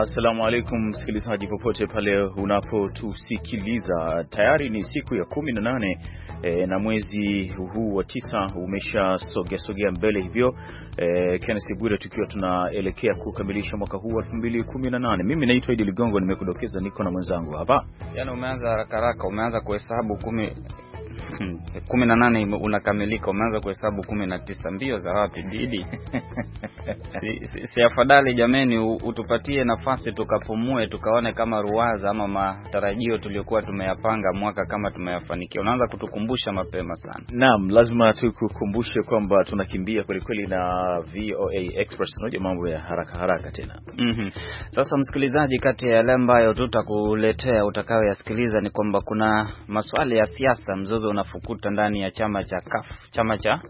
Assalamu alaikum msikilizaji, popote pale unapotusikiliza, tayari ni siku ya kumi na nane e, na mwezi huu wa tisa umeshasogea sogea mbele hivyo. E, Kenneth Bwire, tukiwa tunaelekea kukamilisha mwaka huu wa elfu mbili kumi na nane. Mimi naitwa Idi Ligongo, nimekudokeza niko na mwenzangu hapa. Yani umeanza haraka haraka, umeanza kuhesabu kumi Hmm. kumi na nane unakamilika, umeanza kuhesabu kumi na tisa mbio za wapi Didi? si, si, si afadhali jameni, utupatie nafasi tukapumue, tukaone kama ruwaza ama matarajio tuliokuwa tumeyapanga mwaka kama tumeyafanikia. Unaanza kutukumbusha mapema sana. Naam, lazima tukukumbushe kwamba tunakimbia kwelikweli na VOA Express, unajua mambo ya haraka haraka tena. mm -hmm. Sasa msikilizaji, kati ya yale ambayo tutakuletea utakayoyasikiliza ni kwamba kuna maswali ya siasa, mzozo unafukuta ndani ya chama cha CUF, chama cha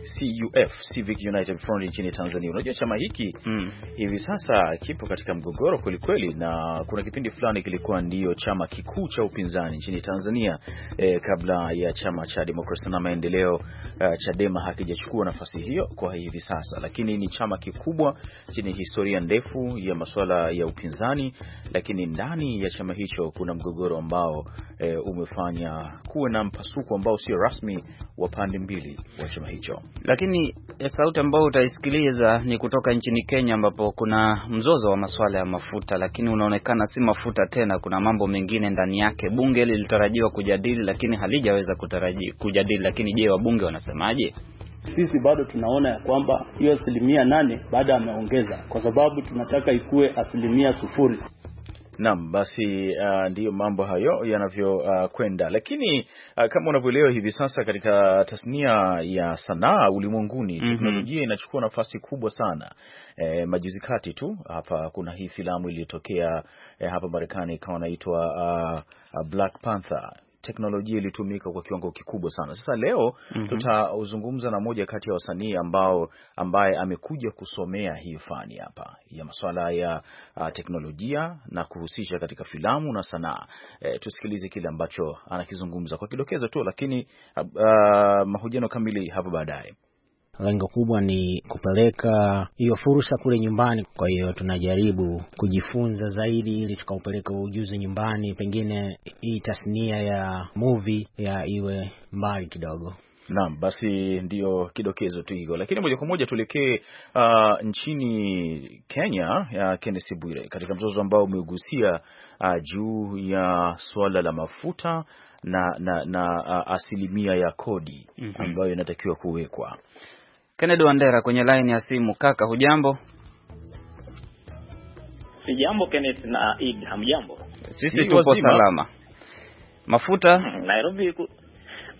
CUF, Civic United Front nchini Tanzania. Unajua chama hiki mm. hivi sasa kipo katika mgogoro kwelikweli, na kuna kipindi fulani kilikuwa ndiyo chama kikuu cha upinzani nchini Tanzania eh, kabla ya chama cha demokrasia na maendeleo uh, Chadema hakijachukua nafasi hiyo kwa hivi sasa, lakini ni chama kikubwa chenye historia ndefu ya masuala ya upinzani, lakini ndani ya chama hicho kuna mgogoro ambao eh, umefanya kuwe na mpasuko ambao sio rasmi wa pande mbili wa chama hicho. Lakini eh, sauti ambayo utaisikiliza ni kutoka nchini Kenya ambapo kuna mzozo wa masuala ya mafuta, lakini unaonekana si mafuta tena, kuna mambo mengine ndani yake. Bunge lilitarajiwa kujadili, lakini halijaweza kujadili. Lakini je, wabunge wanasemaje? Sisi bado tunaona ya kwamba hiyo asilimia nane bado ameongeza, kwa sababu tunataka ikuwe asilimia sufuri. Naam, basi uh, ndiyo mambo hayo yanavyokwenda uh, lakini uh, kama unavyoelewa hivi sasa katika tasnia ya sanaa ulimwenguni mm -hmm. teknolojia inachukua nafasi kubwa sana. E, majuzi kati tu hapa kuna hii filamu iliyotokea e, hapa Marekani ikawa inaitwa uh, Black Panther teknolojia ilitumika kwa kiwango kikubwa sana. Sasa leo mm -hmm. tutazungumza na moja kati ya wasanii ambao ambaye amekuja kusomea hii fani hapa ya masuala ya uh, teknolojia na kuhusisha katika filamu na sanaa. E, tusikilize kile ambacho anakizungumza kwa kidokezo tu, lakini uh, uh, mahojiano kamili hapo baadaye lengo kubwa ni kupeleka hiyo fursa kule nyumbani. Kwa hiyo tunajaribu kujifunza zaidi, ili tukaupeleka ujuzi nyumbani, pengine hii tasnia ya movie ya iwe mbali kidogo. Naam, basi ndiyo kidokezo tu hiko, lakini moja kwa moja tuelekee uh, nchini Kenya. Uh, kennesi Bwire, katika mzozo ambao umegusia uh, juu ya suala la mafuta na na, na uh, asilimia ya kodi mm -hmm. ambayo inatakiwa kuwekwa Kennedy Wandera kwenye line ya simu. Kaka hujambo? jambo Kenneth na Eid, hamjambo? Sisi tupo salama. Mafuta hmm, Nairobi ku...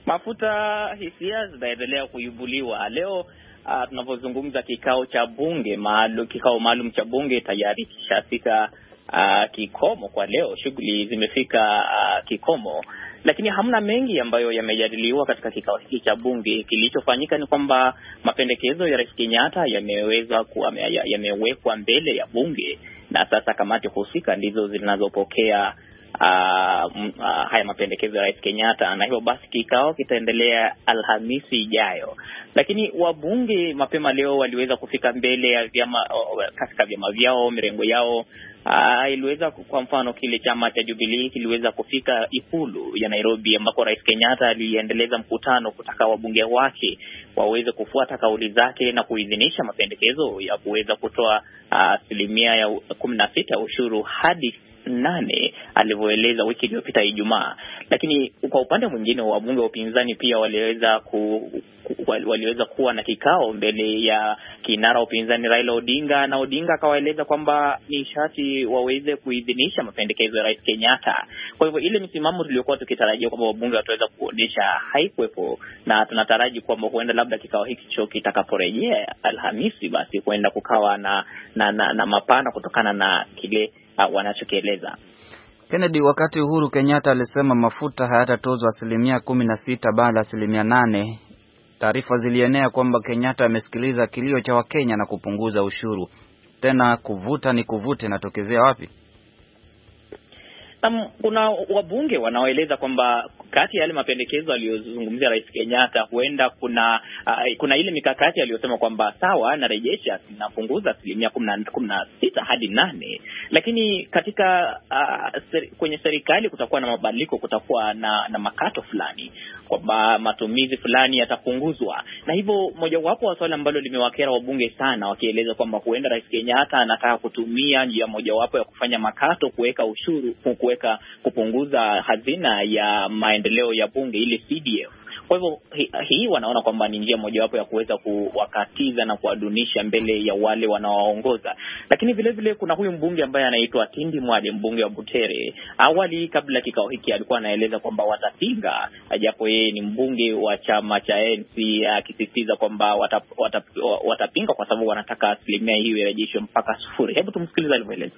mafuta hisia zinaendelea kuibuliwa leo. Uh, ah, tunapozungumza kikao cha bunge maalum, kikao maalum cha bunge tayari kishafika uh, kikomo kwa leo. Shughuli zimefika uh, kikomo lakini hamna mengi ambayo yamejadiliwa katika kikao hiki cha bunge. Kilichofanyika ni kwamba mapendekezo ya Rais Kenyatta yameweza yamewekwa mbele ya bunge, na sasa kamati husika ndizo zinazopokea Uh, uh, haya mapendekezo ya Rais Kenyatta na hivyo basi kikao kitaendelea Alhamisi ijayo. Lakini wabunge mapema leo waliweza kufika mbele ya vyama katika vyama vyao mirengo yao Uh, iliweza kwa mfano kile chama cha Jubilee kiliweza kufika ikulu ya Nairobi ambako Rais Kenyatta aliendeleza mkutano kutaka wabunge wake waweze kufuata kauli zake na kuidhinisha mapendekezo ya kuweza kutoa ah, asilimia uh, ya kumi na sita ushuru hadi nane alivyoeleza wiki iliyopita Ijumaa. Lakini kwa upande mwingine, wabunge wa upinzani pia waliweza ku, waliweza kuwa na kikao mbele ya kinara wa upinzani Raila Odinga, na Odinga akawaeleza kwamba ni sharti waweze kuidhinisha mapendekezo ya Rais Kenyatta. Kwa hivyo ile misimamo tuliyokuwa tukitarajia kwamba wabunge wataweza kuonyesha haikuwepo, na tunataraji kwamba huenda labda kikao cho kitakaporejea Alhamisi, basi huenda kukawa na na, na, na mapana kutokana na kile wanachokieleza. Kennedy, wakati Uhuru Kenyatta alisema mafuta hayatatozwa asilimia kumi na sita baada asilimia nane, taarifa zilienea kwamba Kenyatta amesikiliza kilio cha Wakenya na kupunguza ushuru. Tena kuvuta ni kuvute, inatokezea wapi? Um, kuna wabunge wanaoeleza kwamba kati ya yale mapendekezo aliyozungumzia Rais Kenyatta, huenda kuna uh, kuna ile mikakati aliyosema kwamba sawa, narejesha napunguza asilimia kumi na sita hadi nane, lakini katika uh, seri, kwenye serikali kutakuwa na mabadiliko, kutakuwa na, na makato fulani kwamba matumizi fulani yatapunguzwa, na hivyo mojawapo wa swala ambalo limewakera wabunge sana, wakieleza kwamba huenda Rais Kenyatta anataka kutumia njia mojawapo ya kufanya makato, kuweka ushuru, kuweka kupunguza hazina ya maen maendeleo ya bunge ile CDF. Kwa hivyo hii hi, wanaona kwamba ni njia mojawapo ya kuweza kuwakatiza na kuwadunisha mbele ya wale wanaowaongoza. Lakini vile vile kuna huyu mbunge ambaye anaitwa Tindi Mwale, mbunge wa Butere. Awali kabla kikao hiki alikuwa anaeleza kwamba watapinga, japo yeye ni mbunge wa chama cha ANC, akisisitiza kwamba watap, watap, watapinga kwa sababu wanataka asilimia hiyo irejeshwe mpaka sufuri. Hebu tumsikilize alivyoeleza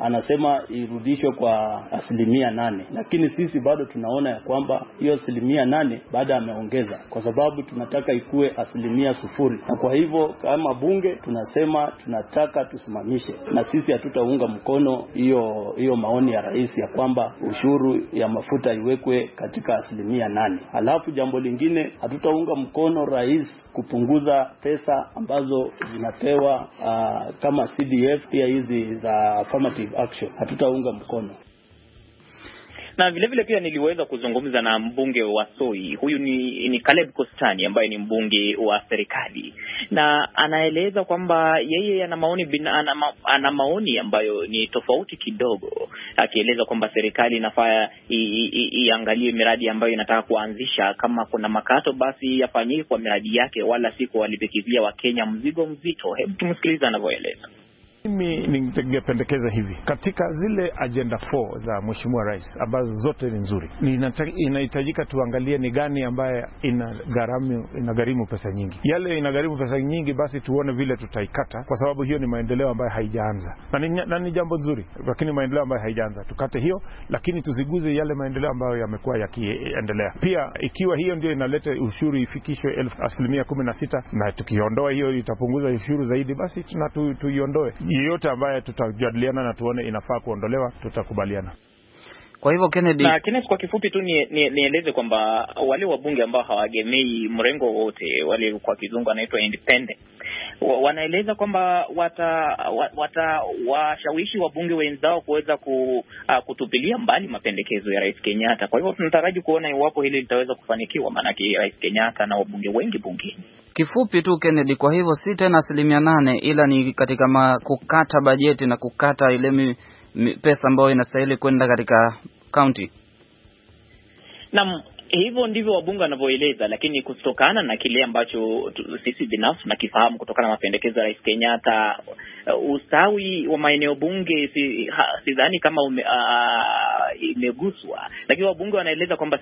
anasema irudishwe kwa asilimia nane, lakini sisi bado tunaona ya kwamba hiyo asilimia nane baada ameongeza, kwa sababu tunataka ikuwe asilimia sufuri. Na kwa hivyo kama bunge tunasema tunataka tusimamishe, na sisi hatutaunga mkono hiyo hiyo maoni ya rais ya kwamba ushuru ya mafuta iwekwe katika asilimia nane. Alafu jambo lingine hatutaunga mkono rais kupunguza pesa ambazo zinapewa uh, kama CDF pia hizi za affirmative affirmative action, hatutaunga mkono na vile vile pia niliweza kuzungumza na mbunge wa Soi, huyu ni, ni Caleb Kostani ambaye ni mbunge wa serikali, na anaeleza kwamba yeye ana maoni ana, ana maoni ambayo ni tofauti kidogo, akieleza kwamba serikali inafaa iangalie miradi ambayo inataka kuanzisha. Kama kuna makato, basi yafanyike kwa miradi yake, wala si kuwalimbikizia Wakenya mzigo mzito. Hebu tumsikiliza anavyoeleza. Mimi ningependekeza hivi katika zile ajenda 4 za Mheshimiwa Rais ambazo zote ni nzuri, inahitajika tuangalie ni gani ambaye inagharimu pesa nyingi. Yale inagharimu pesa nyingi, basi tuone vile tutaikata, kwa sababu hiyo ni maendeleo ambayo haijaanza na ni jambo nzuri, lakini maendeleo ambayo haijaanza tukate hiyo, lakini tusiguze yale maendeleo ambayo yamekuwa yakiendelea. Pia ikiwa hiyo ndio inaleta ushuru ifikishwe asilimia kumi na sita na tukiondoa hiyo itapunguza ushuru zaidi, basi tuiondoe tu, yeyote ambaye tutajadiliana na tuone inafaa kuondolewa, tutakubaliana. Kwa hivyo Kennedy na Kenneth, kwa kifupi tu nieleze ni, kwamba wale wabunge ambao hawaegemei mrengo wowote, wale kwa kizungu wanaitwa independent, wanaeleza kwamba watawashawishi wata, wabunge wenzao kuweza ku, uh, kutupilia mbali mapendekezo ya Rais Kenyatta. Kwa hivyo tunataraji kuona iwapo hili litaweza kufanikiwa, maanake Rais Kenyatta na wabunge wengi bungeni kifupi tu Kennedy, kwa hivyo si tena asilimia nane, ila ni katika ma, kukata bajeti na kukata ile mi, mi, pesa ambayo inastahili kwenda katika kaunti. Naam. Hivyo ndivyo wabunge wanavyoeleza, lakini kutokana na kile ambacho sisi binafsi tunakifahamu kutokana na mapendekezo ya Rais Kenyatta, uh, ustawi wa maeneo bunge sidhani si kama ume, uh, imeguswa, lakini wabunge wanaeleza kwamba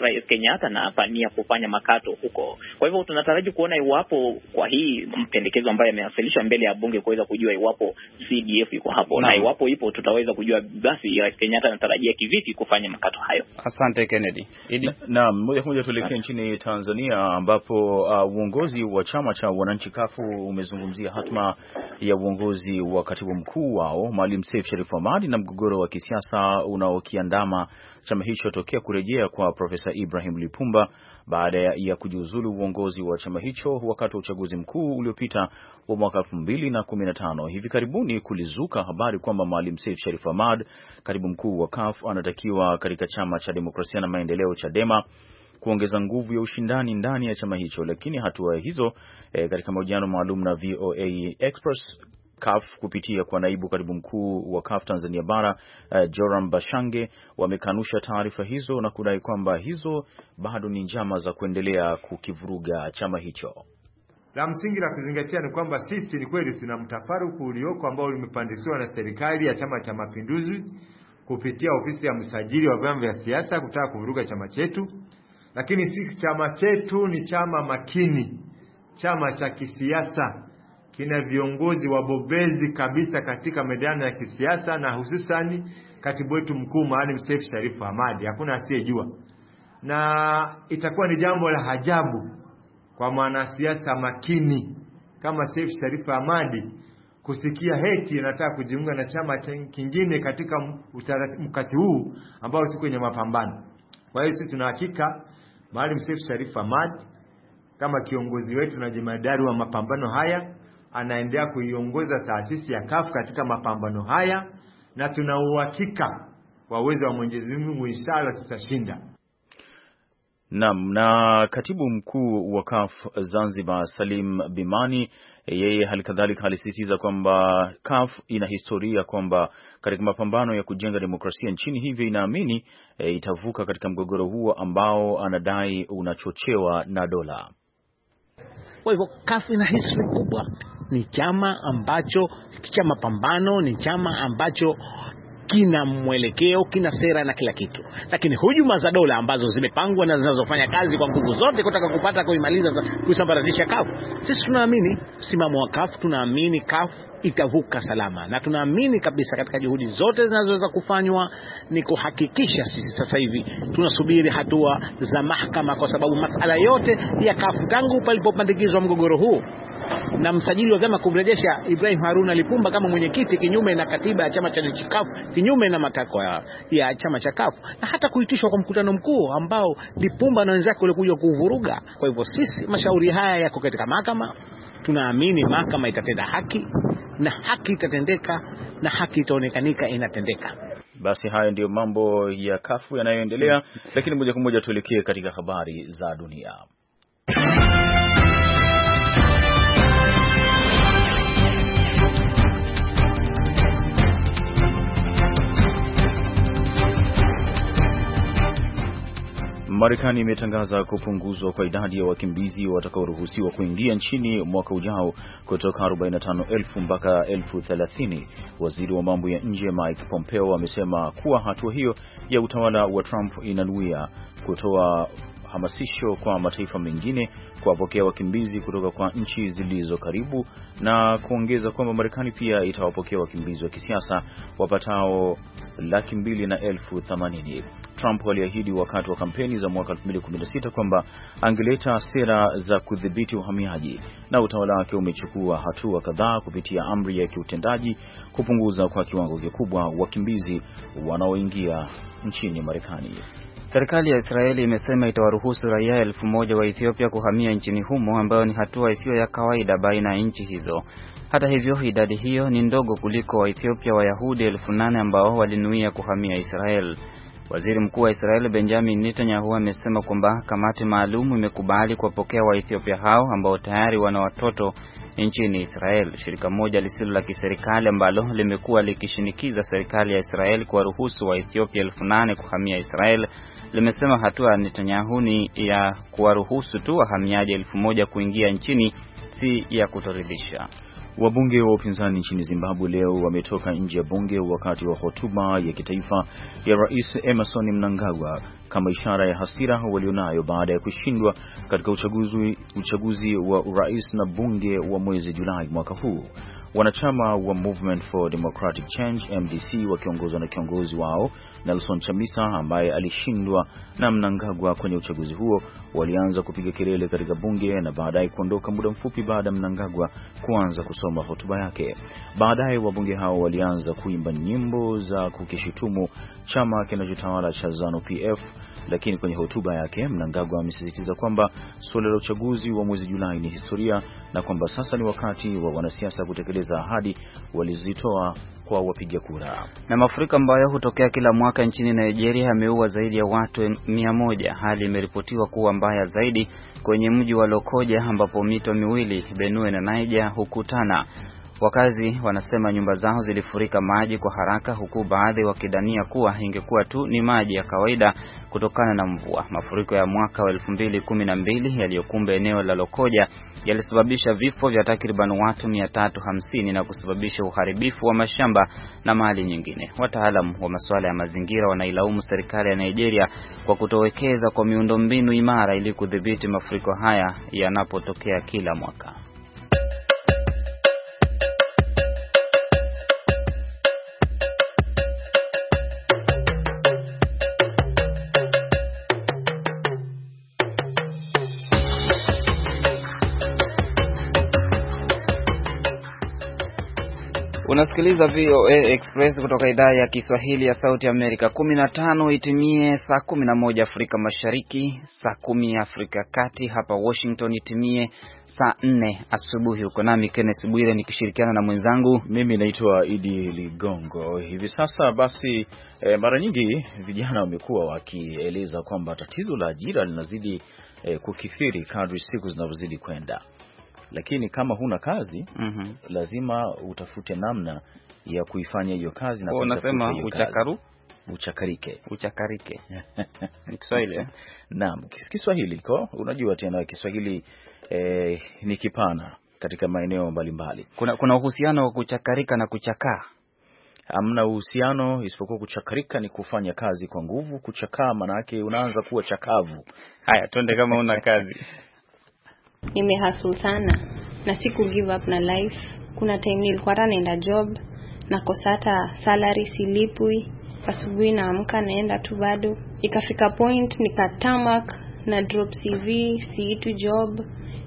Rais Kenyatta anapania kufanya makato huko. Kwa hivyo tunataraji kuona iwapo kwa hii mpendekezo ambayo yamewasilishwa mbele ya bunge kuweza kujua iwapo CDF iko hapo na, na iwapo ipo tutaweza kujua basi Rais Kenyatta anatarajia kivipi kufanya makato hayo. Asante Kennedy Idi. Naam, moja kwa moja tuelekee nchini Tanzania ambapo uh, uongozi wa chama cha wananchi kafu umezungumzia hatma ya uongozi wa katibu mkuu wao Maalim Seif Sharif Hamad na mgogoro wa kisiasa unaokiandama chama hicho tokea kurejea kwa Profesa Ibrahim Lipumba baada ya kujiuzulu uongozi wa chama hicho wakati wa uchaguzi mkuu uliopita wa mwaka elfu mbili na kumi na tano. Hivi karibuni kulizuka habari kwamba Maalim Seif Sharif Ahmad, katibu mkuu wa KAF, anatakiwa katika chama cha demokrasia na maendeleo CHADEMA kuongeza nguvu ya ushindani ndani ya chama hicho, lakini hatua hizo e, katika mahojiano maalum na VOA Express CAF kupitia kwa naibu katibu mkuu wa CAF Tanzania Bara uh, Joram Bashange wamekanusha taarifa hizo na kudai kwamba hizo bado ni njama za kuendelea kukivuruga chama hicho. La msingi la kuzingatia ni kwamba sisi ni kweli tuna mtafaruku ulioko ambao ulimepandikizwa na serikali ya Chama cha Mapinduzi kupitia ofisi ya msajili wa vyama vya siasa kutaka kuvuruga chama chetu, lakini sisi chama chetu ni chama makini, chama cha kisiasa kina viongozi wabobezi kabisa katika medani ya kisiasa na hususani katibu wetu mkuu Maalim Seif Sharif Hamad, hakuna asiyejua, na itakuwa ni jambo la hajabu kwa mwanasiasa makini kama Seif Sharif Hamad kusikia heti anataka kujiunga na chama kingine katika mkati huu ambao si kwenye mapambano. Kwa hiyo sisi tuna hakika Maalim Seif Sharif Hamad kama kiongozi wetu na jemadari wa mapambano haya anaendelea kuiongoza taasisi ya kafu katika mapambano haya, na tuna uhakika wa uwezo wa Mwenyezi Mungu, inshallah tutashinda. Naam. Na katibu mkuu wa kaf Zanzibar Salim Bimani yeye hali kadhalika alisisitiza kwamba CAF ina historia kwamba katika mapambano ya kujenga demokrasia nchini, hivyo inaamini e, itavuka katika mgogoro huo ambao anadai unachochewa na dola. Kwa hivyo kafu ina history kubwa, ni chama ambacho chama pambano, ni chama ambacho kina mwelekeo, kina sera na kila kitu, lakini hujuma za dola ambazo zimepangwa na zinazofanya kazi kwa nguvu zote kutaka kupata kuimaliza, kusambaratisha kafu. Sisi tunaamini msimamo wa kafu, tunaamini kafu itavuka salama, na tunaamini kabisa katika juhudi zote zinazoweza kufanywa ni kuhakikisha sisi sasa hivi tunasubiri hatua za mahakama, kwa sababu masala yote ya kafu tangu palipopandikizwa mgogoro huu na msajili wa vyama kumrejesha Ibrahim Haruna Lipumba kama mwenyekiti kinyume na katiba ya chama cha kafu, kinyume na matakwa ya, ya chama cha kafu, na hata kuitishwa kwa mkutano mkuu ambao Lipumba na wenzake walikuja kuvuruga. Kwa hivyo sisi, mashauri haya yako katika mahakama, tunaamini mahakama itatenda haki na haki itatendeka na haki itaonekanika inatendeka. Basi hayo ndiyo mambo ya kafu yanayoendelea, mm. lakini moja kwa moja tuelekee katika habari za dunia. Marekani imetangaza kupunguzwa kwa idadi ya wakimbizi watakaoruhusiwa kuingia nchini mwaka ujao kutoka 45,000 mpaka 30,000. Waziri wa mambo ya nje Mike Pompeo amesema kuwa hatua hiyo ya utawala wa Trump inanuia kutoa hamasisho kwa mataifa mengine kuwapokea wakimbizi kutoka kwa nchi zilizo karibu na kuongeza kwamba Marekani pia itawapokea wakimbizi wa kisiasa wapatao laki mbili na elfu themanini. Trump aliahidi wakati wa kampeni za mwaka 2016 kwamba angeleta sera za kudhibiti uhamiaji na utawala wake umechukua hatua kadhaa kupitia amri ya kiutendaji kupunguza kwa kiwango kikubwa wakimbizi wanaoingia nchini Marekani. Serikali ya Israeli imesema itawaruhusu raia elfu moja wa Ethiopia kuhamia nchini humo ambayo ni hatua isiyo ya kawaida baina ya nchi hizo. Hata hivyo, idadi hiyo ni ndogo kuliko Waethiopia Wayahudi elfu nane ambao walinuia kuhamia Israel. Waziri Mkuu wa Israeli Benjamin Netanyahu amesema kwamba kamati maalum imekubali kuwapokea Waethiopia hao ambao tayari wana watoto nchini Israel. Shirika moja lisilo la kiserikali ambalo limekuwa likishinikiza serikali ya Israel kuwaruhusu Waethiopia elfu nane kuhamia Israel limesema hatua ya Netanyahu ni ya kuwaruhusu tu wahamiaji elfu moja kuingia nchini, si ya kutoridhisha. Wabunge wa upinzani nchini Zimbabwe leo wametoka nje ya bunge wakati wa hotuba ya kitaifa ya Rais Emerson Mnangagwa kama ishara ya hasira walionayo baada ya kushindwa katika uchaguzi, uchaguzi wa urais na bunge wa mwezi Julai mwaka huu. Wanachama wa Movement for Democratic Change MDC wakiongozwa na kiongozi wao Nelson Chamisa ambaye alishindwa na Mnangagwa kwenye uchaguzi huo walianza kupiga kelele katika bunge na baadaye kuondoka muda mfupi baada ya Mnangagwa kuanza kusoma hotuba yake. Baadaye wabunge hao walianza kuimba nyimbo za kukishutumu chama kinachotawala cha Zanu PF lakini kwenye hotuba yake, Mnangagwa amesisitiza kwamba suala la uchaguzi wa mwezi Julai ni historia na kwamba sasa ni wakati wa wanasiasa kutekeleza ahadi walizozitoa kwa wapiga kura. Na mafuriko ambayo hutokea kila mwaka nchini Nigeria yameua zaidi ya watu mia moja. Hali imeripotiwa kuwa mbaya zaidi kwenye mji wa Lokoja ambapo mito miwili Benue na naija hukutana. Wakazi wanasema nyumba zao zilifurika maji kwa haraka, huku baadhi wakidania kuwa ingekuwa tu ni maji ya kawaida kutokana na mvua. Mafuriko ya mwaka wa 2012 yaliyokumba eneo la Lokoja yalisababisha vifo vya takriban watu hamsini na kusababisha uharibifu wa mashamba na mali nyingine. Wataalamu wa masuala ya mazingira wanailaumu serikali ya Nigeria kwa kutowekeza kwa miundombinu imara ili kudhibiti mafuriko haya yanapotokea kila mwaka. Unasikiliza VOA Express kutoka idhaa ya Kiswahili ya Sauti Amerika. kumi na tano itimie saa kumi na moja Afrika Mashariki, saa kumi Afrika ya Kati, hapa Washington itimie saa nne asubuhi. Uko nami Kenneth Bwire nikishirikiana na mwenzangu, mimi naitwa Idi Ligongo. Hivi sasa basi, eh, mara nyingi vijana wamekuwa wakieleza kwamba tatizo la ajira linazidi eh, kukithiri kadri siku zinavyozidi kwenda lakini kama huna kazi mm -hmm. lazima utafute namna ya kuifanya hiyo kazi na unasema uchakaru uchakarike uchakarike ni Kiswahili eh? naam, Kiswahili ko unajua tena Kiswahili eh, ni kipana katika maeneo mbalimbali. Kuna kuna uhusiano wa kuchakarika na kuchakaa? Hamna uhusiano, isipokuwa kuchakarika ni kufanya kazi kwa nguvu. Kuchakaa maana unaanza kuwa chakavu. Haya, twende kama una kazi nimehustle sana na siku give up na life. Kuna time nilikuwa hata naenda job nakosa hata salary, silipwi. Asubuhi naamka naenda tu bado, ikafika point nikatamak na drop CV, siitu job.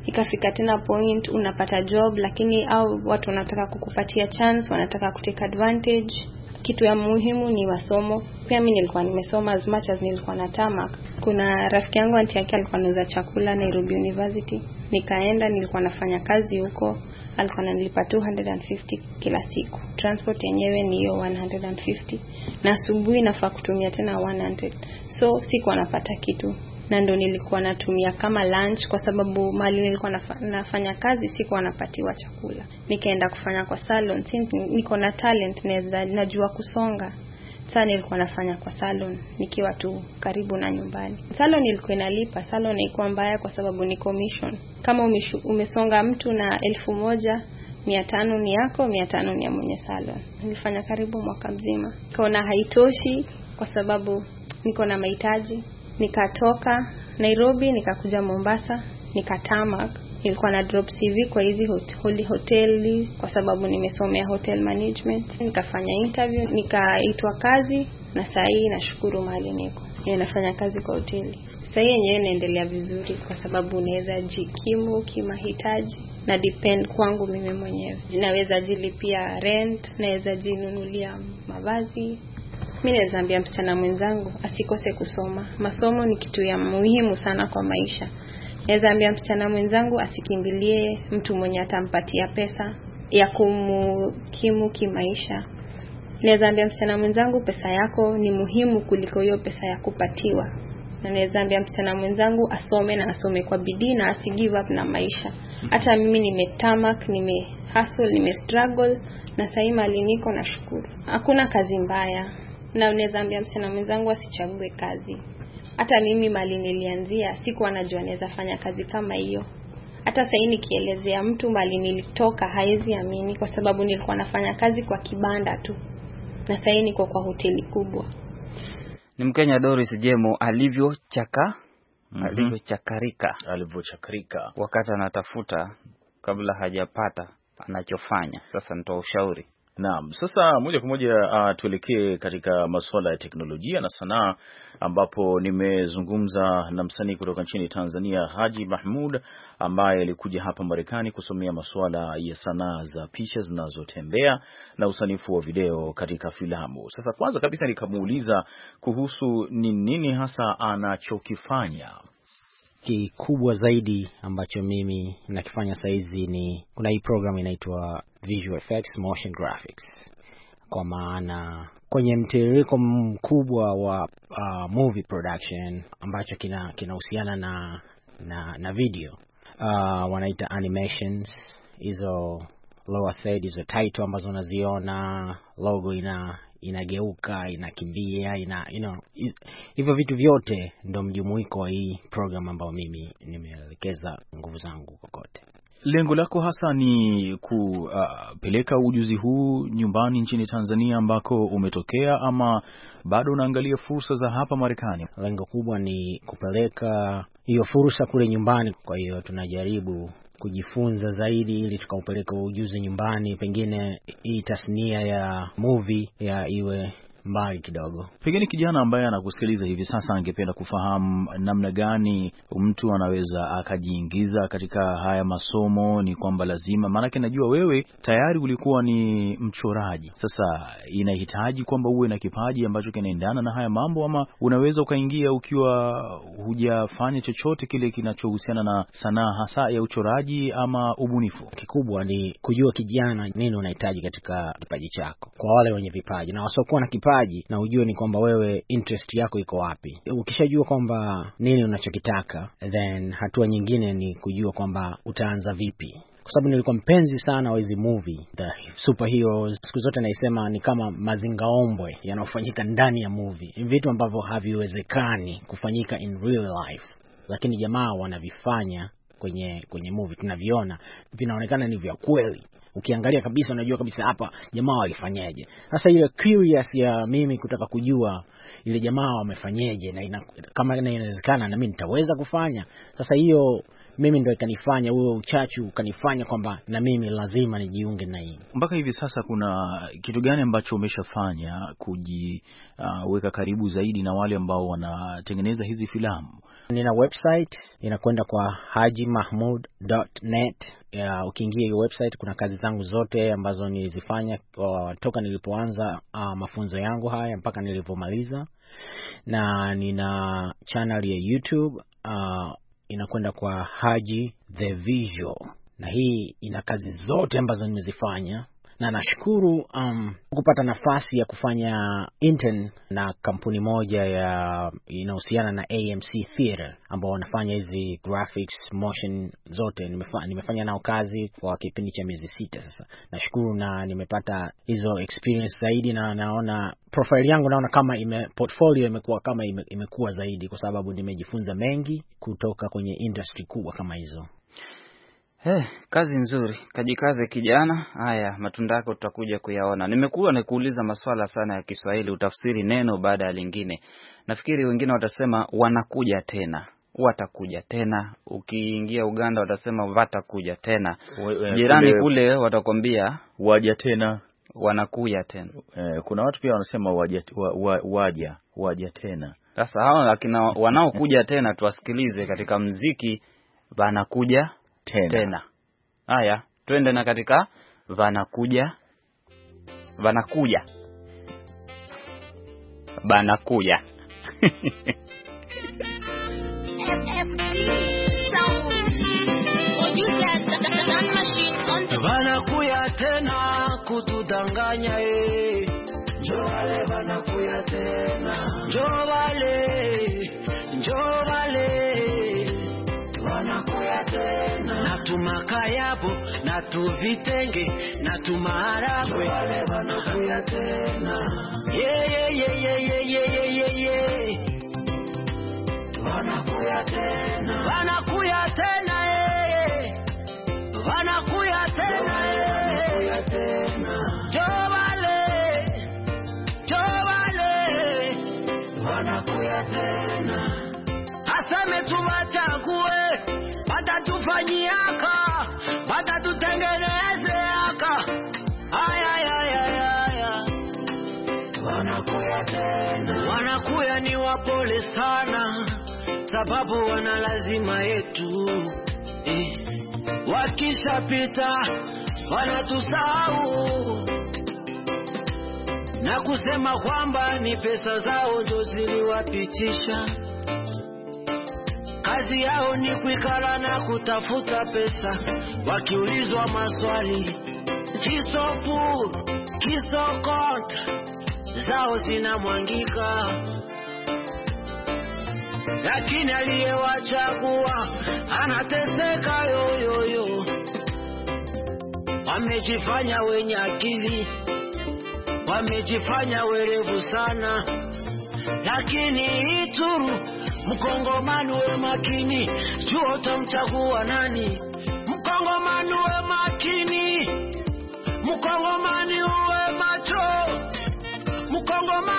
Ikafika tena point unapata job, lakini au watu wanataka kukupatia chance, wanataka kuteka advantage kitu ya muhimu ni masomo. Pia mi nilikuwa nimesoma as much as nilikuwa na tamak. Kuna rafiki yangu anti yake alikuwa anauza chakula Nairobi University, nikaenda, nilikuwa nafanya kazi huko, alikuwa ananilipa 250 kila siku. Transport yenyewe ni hiyo 150, na asubuhi nafaa kutumia tena 100, so sikuwa napata kitu na ndo nilikuwa natumia kama lunch, kwa sababu mali nilikuwa nafa, nafanya kazi sikuwa napatiwa chakula. Nikaenda kufanya kwa salon, niko na talent, naweza najua kusonga Saa nilikuwa nafanya kwa salon nikiwa tu karibu na nyumbani. Salon ilikuwa inalipa. Salon haikuwa mbaya kwa sababu ni commission. Kama umishu, umesonga mtu na elfu moja mia tano ni yako, mia tano ni ya mwenye salon. Nilifanya karibu mwaka mzima, kaona haitoshi kwa sababu niko na mahitaji nikatoka Nairobi nikakuja Mombasa nikatamak nilikuwa na drop CV kwa hizi hoteli, hoteli kwa sababu nimesomea hotel management. Nikafanya interview nikaitwa kazi, na saa hii nashukuru mahali niko, nafanya kazi kwa hoteli saa hii yenyewe inaendelea vizuri, kwa sababu unaweza jikimu kimahitaji na depend kwangu mimi mwenyewe, naweza jilipia rent, naweza jinunulia mavazi mi naweza ambia msichana mwenzangu asikose kusoma. Masomo ni kitu ya muhimu sana kwa maisha. Naweza ambia msichana mwenzangu asikimbilie mtu mwenye atampatia pesa ya kumukimu kimaisha. Naweza ambia msichana mwenzangu, pesa yako ni muhimu kuliko hiyo pesa ya kupatiwa. Na naweza ambia msichana mwenzangu asome na asome kwa bidii na asi give up na maisha. Hata mimi nimetamak, nime hustle, nime struggle na sahii mali niko, nashukuru. Hakuna kazi mbaya na unaweza ambia msichana mwenzangu asichague kazi. Hata mimi mali nilianzia sikuwa najua naweza fanya kazi kama hiyo. Hata sahii nikielezea mtu mali nilitoka haezi amini, kwa sababu nilikuwa nafanya kazi kwa kibanda tu, na sahii niko kwa hoteli kubwa. Ni Mkenya Doris Jemo alivyochaka mm alivyochakarika alivyochakarika wakati anatafuta kabla hajapata anachofanya. Sasa nitoa ushauri Naam, sasa moja kwa moja uh, tuelekee katika masuala ya teknolojia na sanaa, ambapo nimezungumza na msanii kutoka nchini Tanzania Haji Mahmud, ambaye alikuja hapa Marekani kusomea masuala ya sanaa za picha zinazotembea na usanifu wa video katika filamu. Sasa kwanza kabisa nikamuuliza kuhusu ni nini hasa anachokifanya kikubwa zaidi ambacho mimi nakifanya saizi ni kuna hii program inaitwa visual effects, motion graphics, kwa maana kwenye mtiririko mkubwa wa uh, movie production ambacho kinahusiana kina na, na na video uh, wanaita animations hizo lower third hizo title ambazo unaziona logo ina inageuka, inakimbia, ina you know, hivyo vitu vyote ndo mjumuiko wa hii program ambayo mimi nimeelekeza nguvu zangu kokote. Lengo lako hasa ni kupeleka uh, ujuzi huu nyumbani nchini Tanzania ambako umetokea, ama bado unaangalia fursa za hapa Marekani? Lengo kubwa ni kupeleka hiyo fursa kule nyumbani, kwa hiyo tunajaribu kujifunza zaidi, ili tukaupeleka ujuzi nyumbani, pengine hii tasnia ya movie ya iwe mbali kidogo. Pengine kijana ambaye anakusikiliza hivi sasa angependa kufahamu namna gani mtu anaweza akajiingiza katika haya masomo. Ni kwamba lazima, maanake najua wewe tayari ulikuwa ni mchoraji, sasa inahitaji kwamba uwe na kipaji ambacho kinaendana na haya mambo, ama unaweza ukaingia ukiwa hujafanya chochote kile kinachohusiana na sanaa hasa ya uchoraji ama ubunifu? Kikubwa ni kujua kijana nini unahitaji katika kipaji chako, kwa wale wenye vipaji na wasiokuwa na kipaji upaji na ujue ni kwamba wewe interest yako iko wapi. Ukishajua kwamba nini unachokitaka, then hatua nyingine ni kujua kwamba utaanza vipi kwa sababu nilikuwa mpenzi sana wa hizi movie the superheroes. Siku zote naisema ni kama mazingaombwe yanayofanyika ndani ya movie, ni vitu ambavyo haviwezekani kufanyika in real life, lakini jamaa wanavifanya kwenye kwenye movie, tunaviona vinaonekana ni vya kweli ukiangalia kabisa unajua kabisa hapa jamaa walifanyaje. Sasa ile curious ya mimi kutaka kujua ile jamaa wamefanyaje, na ina, kama inawezekana na mimi nitaweza kufanya. Sasa hiyo mimi ndo ikanifanya huo uchachu ukanifanya kwamba na mimi lazima nijiunge na hii. Mpaka hivi sasa kuna kitu gani ambacho umeshafanya kujiweka uh, karibu zaidi na wale ambao wanatengeneza hizi filamu? Nina website inakwenda kwa haji uh, Ukiingia hiyo website kuna kazi zangu zote ambazo nilizifanya toka nilipoanza uh, mafunzo yangu haya mpaka nilivyomaliza na nina channel ya YouTube uh, inakwenda kwa Haji the Visual, na hii ina kazi zote ambazo nimezifanya na nashukuru um, kupata nafasi ya kufanya intern na kampuni moja ya inahusiana na AMC Theater ambao wanafanya hizi graphics motion zote. Nimefanya, nimefanya nao kazi kwa kipindi cha miezi sita sasa. Nashukuru na nimepata hizo experience zaidi, na naona profile yangu naona kama ime, portfolio imekuwa kama ime, imekuwa zaidi, kwa sababu nimejifunza mengi kutoka kwenye industry kubwa kama hizo. Eh, kazi nzuri. Kajikaze kijana. Haya, matunda yako tutakuja kuyaona. Nimekuwa nikuuliza maswala sana ya Kiswahili, utafsiri neno baada ya lingine. Nafikiri wengine watasema wanakuja tena, watakuja tena. Ukiingia Uganda watasema watakuja tena, eh, jirani kule watakwambia waja tena, wanakuja tena. Eh, kuna watu pia wanasema waja wa, waja, waja tena. Sasa hao lakini wanaokuja tena tuwasikilize katika mziki, wanakuja tena, tena. Haya, twende na katika vanakuja vanakuja banakuja banakuya tena kutudanganya, eh, njoo wale banakuya tena, njoo wale makayabo na tuvitenge na tumaharagwe yeah, Wanakuya tena, wanakuya tena, Jovale, eh. eh. jovale, wanakuya tena, aseme watatufanyia sababu wana lazima yetu eh. Wakishapita wanatusahau na kusema kwamba ni pesa zao ndo ziliwapitisha. Kazi yao ni kuikala na kutafuta pesa, wakiulizwa maswali kisopu kisokot zao zinamwangika lakini aliyewachagua anateseka yoyoyo. Wamejifanya wenye akili, wamejifanya werevu sana, lakini Ituru mkongomani we makini, jua utamchagua nani? Mkongomani we makini, mkongomani uwe macho, mkongomani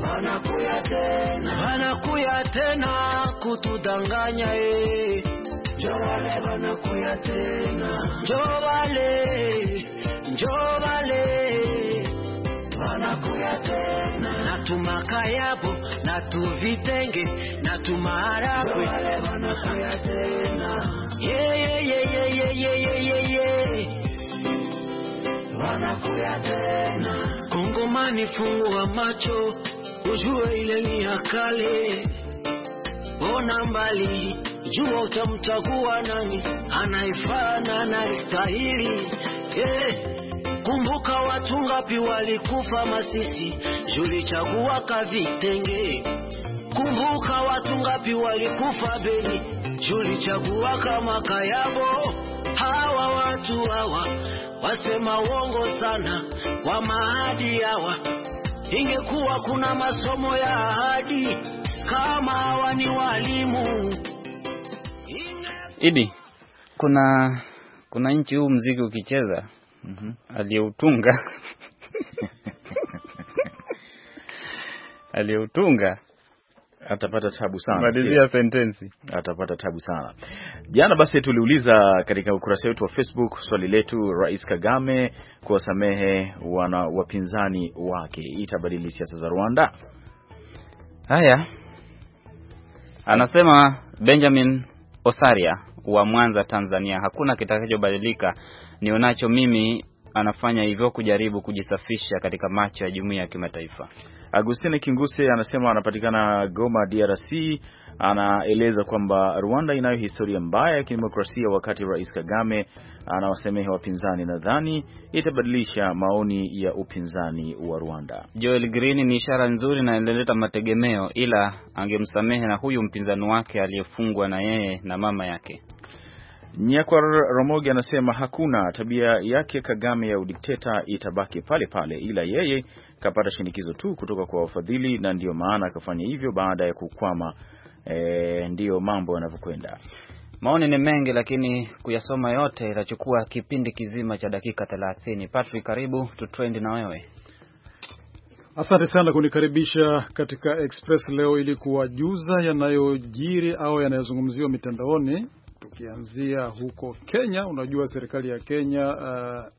Wanakuya tena, wanakuya tena kutudanganya eh. Jovale wanakuya tena, Jovale, Jovale wanakuya tena, na tumakayabo na tuvitenge na tumaharagwe, Jovale wanakuya tena, yeah, yeah, yeah, yeah, yeah, yeah, yeah. wanakuya tena. Kongomani, fungua macho ujue ile ni ya kale, ona mbali, jua utamchagua nani anayefaa na anayestahili. Hey. Eh, kumbuka watu ngapi walikufa Masisi, julichagua kavitenge. Kumbuka watu ngapi walikufa Beni, julichagua kama Kayabo hawa watu hawa wasema uongo sana kwa maadi hawa. Ingekuwa kuna masomo ya ahadi kama hawa ni walimu idi. Kuna kuna nchi huu mziki ukicheza mm -hmm. aliyeutunga aliyeutunga atapata tabu sana. Malizia sentensi, atapata tabu sana. Jana basi tuliuliza katika ukurasa wetu wa Facebook swali letu, Rais Kagame kuwasamehe wana wapinzani wake itabadili siasa za Rwanda. Haya, anasema Benjamin Osaria wa Mwanza, Tanzania, hakuna kitakachobadilika nionacho mimi anafanya hivyo kujaribu kujisafisha katika macho ya jumuiya ya kimataifa. Agustine Kinguse anasema anapatikana Goma, DRC. Anaeleza kwamba Rwanda inayo historia mbaya ya kidemokrasia. Wakati Rais Kagame anawasamehe wapinzani, nadhani itabadilisha maoni ya upinzani wa Rwanda. Joel Green ni ishara nzuri na inaleta mategemeo, ila angemsamehe na huyu mpinzani wake aliyefungwa na yeye na mama yake. Nyakwar romogi anasema hakuna tabia yake Kagame ya udikteta itabaki pale pale, ila yeye kapata shinikizo tu kutoka kwa wafadhili na ndiyo maana akafanya hivyo baada ya kukwama. E, ndiyo mambo yanavyokwenda. Maoni ni mengi, lakini kuyasoma yote itachukua kipindi kizima cha dakika thelathini. Patrick, karibu tu na wewe. Asante sana kunikaribisha katika Express leo ili kuwajuza yanayojiri au yanayozungumziwa mitandaoni tukianzia huko Kenya. Unajua serikali ya Kenya uh,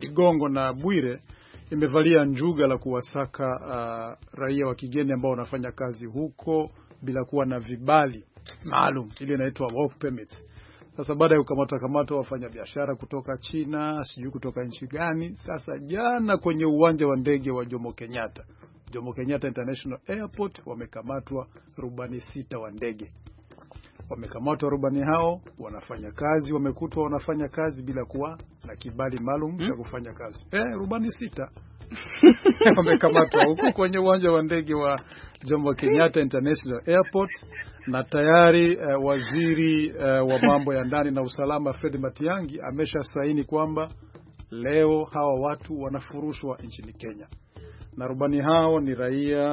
Ligongo na Bwire imevalia njuga la kuwasaka uh, raia wa kigeni ambao wanafanya kazi huko bila kuwa na vibali maalum, ile inaitwa work permit. Sasa baada ya kukamata kamata wafanyabiashara kutoka China, sijui kutoka nchi gani. Sasa jana kwenye uwanja wa ndege wa Jomo Kenyatta, Jomo Kenyatta International Airport, wamekamatwa rubani sita wa ndege wamekamatwa rubani hao wanafanya kazi, wamekutwa wanafanya kazi bila kuwa na kibali maalum cha hmm, kufanya kazi. Eh, rubani sita wamekamatwa huko kwenye uwanja wa ndege wa Jomo Kenyatta International Airport, na tayari uh, waziri uh, wa mambo ya ndani na usalama Fred Matiang'i amesha saini kwamba leo hawa watu wanafurushwa nchini Kenya rubani hao ni raia,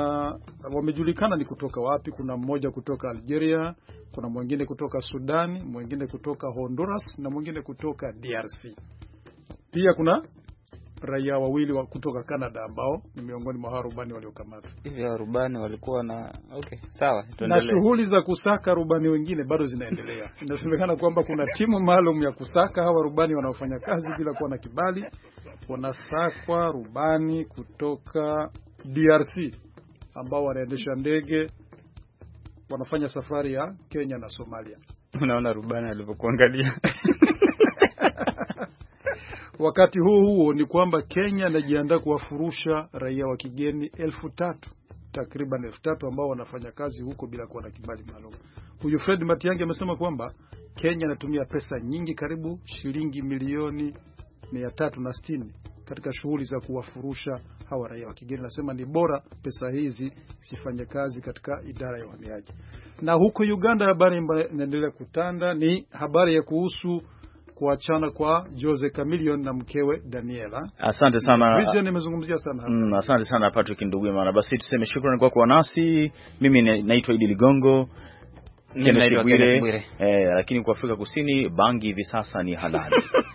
wamejulikana ni kutoka wapi. Kuna mmoja kutoka Algeria, kuna mwingine kutoka Sudan, mwingine kutoka Honduras na mwingine kutoka DRC. Pia kuna raia wawili wa kutoka Canada ambao ni miongoni mwa harubani waliokamatwa. Hivi harubani walikuwa na okay, sawa, tuendelee. Na shughuli za kusaka rubani wengine bado zinaendelea. Inasemekana kwamba kuna timu maalum ya kusaka hawa rubani wanaofanya kazi bila kuwa na kibali. Wanasakwa rubani kutoka DRC ambao wanaendesha ndege, wanafanya safari ya Kenya na Somalia. Unaona rubani alivyokuangalia. Wakati huo huo ni kwamba Kenya anajiandaa kuwafurusha raia wa kigeni elfu tatu takriban elfu tatu ambao wanafanya kazi huko bila kuwa na kibali maalum. Huyu Fred Matiang'i amesema kwamba Kenya anatumia pesa nyingi, karibu shilingi milioni mia tatu na sitini katika shughuli za kuwafurusha hawa raia wa kigeni. Anasema ni bora pesa hizi zifanye kazi katika idara ya uhamiaji. Na huko Uganda, habari inaendelea kutanda ni habari ya kuhusu kuachana kwa Jose Chameleone na mkewe Daniela. Asante sana. Video nimezungumzia sana Mm, asante sana Patrick Ndugwima, na basi tuseme shukrani kwa kuwa nasi. Mimi naitwa Idi Ligongo. Bwire, eh, lakini kwa Afrika Kusini bangi hivi sasa ni halali